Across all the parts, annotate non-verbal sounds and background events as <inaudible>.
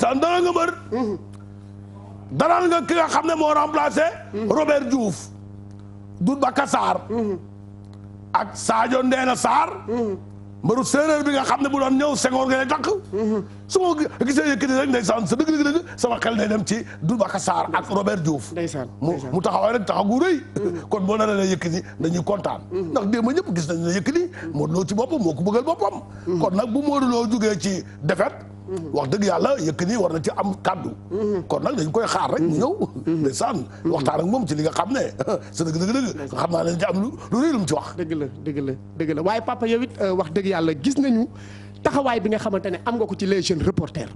sa dalal nga mbër mhm. dalal nga ki nga xam ne moo remplacé mhm. Robert Diouf Doudou Baka Sarr mhm. ak Sadio Ndeena Sarr mbaru séeréer bi nga xam ne bu doon ñëw Senghor nga lay takk su ma gisee yëkkati rek ndeysaan sa dëgg dëgg dëgg sama xel day dem ci Doudou Baka Sarr ak Robert Diouf mu taxawaay rek taxaw gu rëy kon boo na la yëkkati dañuy kontaan ndax démb ñëpp gis nañ yëkk yëkkati Modou Lo ci bopp moo ko bëggal boppam kon nag bu Modou Lo jógee ci défaite Mm-hmm. wax dëgg yàlla Yékini war na ci am kàddu mm-hmm. kon nag dañ koy xaar rek mu mm-hmm. ñëw ndeysaan waxtaan ak moom ci li nga xam ne sa <laughs> dëgg dëgg dëgg xam naa leen ci am lu rëy lu mu ci wax dëgg la dëgg la dëgg la waaye papa yow it euh, wax dëgg yàlla gis nañu taxawaay bi nga xamante ne am nga ko ci les jeune reporters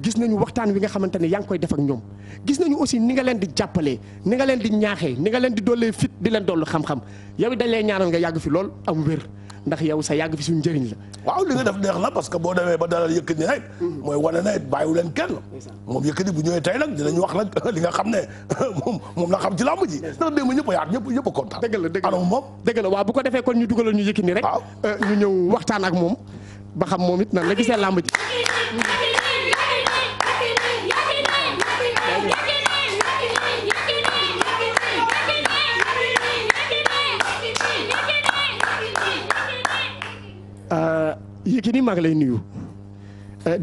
gis nañu waxtaan wi nga xamante ne yaa ngi koy def ñoom gis nañu aussi ni nga leen di jàppalee ni nga leen di ñaaxee ni nga leen di dollee fit di leen dollu xam-xam yow it nga yàgg fi lool am wér ndax yow sa yàgg fi suñu njëriñ la waaw li nga def neex na parce que boo demee ba dalal Yékini rek mooy wane ne bàyyiwu leen kenn moom Yékini bu ñëwee tey nag dinañ wax la li nga xam ne <laughs> moom moom xam ci làmb ji ndax démb ñëpp a yaat ñëpp ñëpp a kontaan moom dëgg la waaw bu ko defee kon ñu dugaloon ñu Yékini rek euh, ñu ñëw waxtaan ak moom ba xam moom it na la gisee làmb ni maa lay nuyu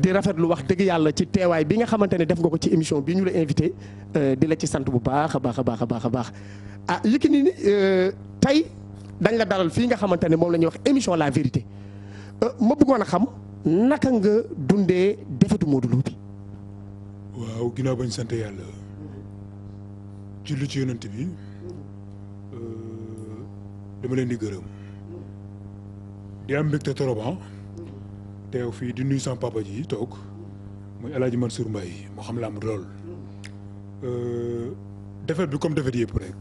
di rafetlu wax dëgg yàlla ci teewaay bi nga xamante ne def nga ko ci émission bi ñu la invité di la ci sant bu baax a baax a baax a baax a baax tey dañ la daral fii nga xamante ne moom lañuy wax émission la vérité ma bëggoon a xam naka nga dundee defetu Modou Lo bi. waaw ginnaaw bañ sant yàlla julli ci yonent bi dama leen di gërëm di am mbégte trop teew fii di nuyu sama papa ji toog muy El Hadj Mansour Mbaye moo xam làmb lool euh, defet bi comme defet yëpp rek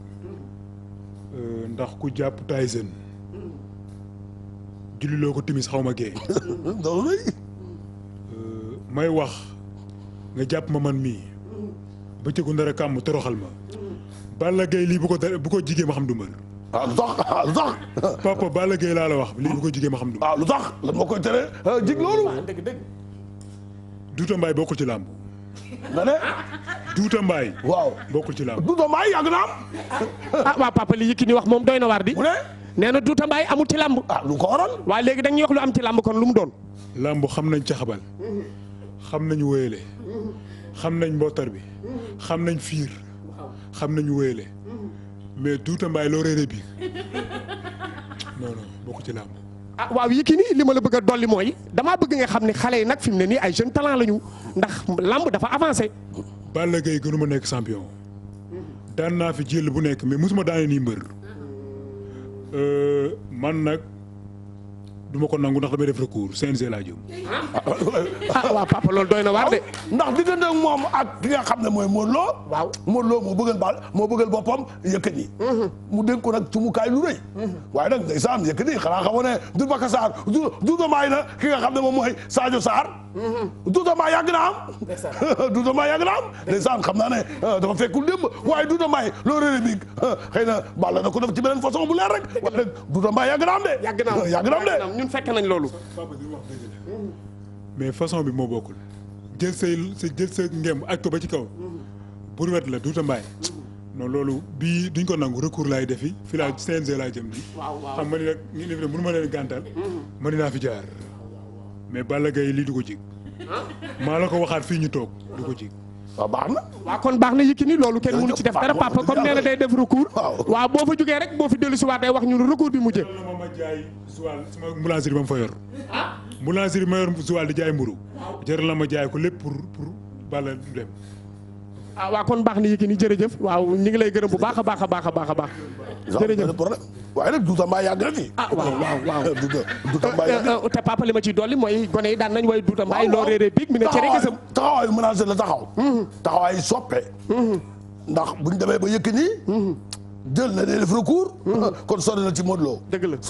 euh, ndax ku jàpp Tyson julliloo ko timis xaw ma gee <laughs> euh, may wax nga jàpp ma man mii mm. bëccëgu ndara kàmm toroxal ma mm. Balla Gaye lii bu ko bu ko jigéen ma xam du mbër ah lu tax ah lu tax. laa la wax lii bu ko jigee ma xam. ah lu tax lan moo koy tere ah, jig loolu. Ah, dëgg dëgg. Douta Mbaye bokkul ci làmb. nga mbaay Douta Mbaye. waaw bokkul ci làmb. Douta Mbaye yàgg naa am. ah waaw papa li Yékini wax moom doy na waar di. mu ne. nee na Douta Mbaye amul ci làmb. ah lu ko waral. waa léegi dañuy wax lu am ci làmb kon lu mu doon. làmb xam nañ caxabal. xam nañ wéyale. xam nañ mbootar bi. xam nañ fiir. xam nañ wéyale. mais Douta Mbaye loo réeré biir non non bokk ci làmb. ah waaw Yékini li ma la bëgg a dolli mooy damaa bëgg nga xam ne xale yi nag fi mu ne nii ay jeune talent lañu ndax làmb dafa avancé. Balla Gaye gënu ma nekk champion daan naa fi jël bu nekk mais mosuma daane nii mbër euh, man nag. du ma ko nangu ndax damay def recours CNG laa jëm. ah waaw papa loolu doy na waa de. ndax diggante ak moom ak ki ga xam ne mooy Modou loo waaw Modou Lo moo bëggal baal moo bëggal boppam Yékini. Mhm. mu dénk ko nag tumukaay lu rëy. Mhm. waaye nag ndeysaan Yékini xanaa xamoo ne du Bakka Sarr du du Damaay na ki nga xam ne moom mooy Sadio Sarr. Mm-hmm. Doudamay yàgg na am. Doudamay yàgg na am. ndeysaan <laughs> xam naa ne euh, dafa fekkul démb waaye Doudamay loolu réew mi euh, xëy na balla na ko def ci beneen façon bu leer rek. wax dëgg Doudamay yàgg na am de. yàgg na <laughs> yàgg na am de ñun fekk nañ loolu. mais façon bi moo bokkul jël say jël sa ngem aj ko ba ci kaw. brouette mm-hmm. la Doudamay. non loolu bii duñ ko nangu recours laay defi. fi laa CNG laa jëm nii. waaw waaw xam nga ni nag ñu ne mënu ma leen gàntal. Mm-hmm. mën naa fi jaar. mais Balla Gaye lii du ko jig maa la ko waxaat fii ñu toog du ko jig waaw baax na waaw kon baax na Yékini loolu kenn mënu ci def dara papa comme nee day def recours waaw boo fa jógee rek boo fi dellu si wax ñu wax ñun recours bi mujjee ma ma jaay Joal sama boulangerie ba mu fa yor boulangerie ma yor Joal di jaay mburu jër la ma jaay ko lépp pour pour Balla du dem ah waa kon baax na Yékini jërëjëf waaw ñu ngi lay gërëm bu baax a baax a baax a a baax. jërëjëf waaye nag Douta Mbaye yàgg na fi. ah waaw waaw waaw <laughs> Douta Mbaye yàgg na eh, eh, li ma ciy dolli mooy gone yi daan nañ way Douta Mbaye loo réeree biig mi ne cere gësam. taxawaayu menacé la taxaw. Mm-hmm. taxawaayu soppe. Mm-hmm. ndax buñ demee ba Yékini. Mm-hmm. jël na def recours. <laughs> kon sori na ci Modou Lo. dëgg la.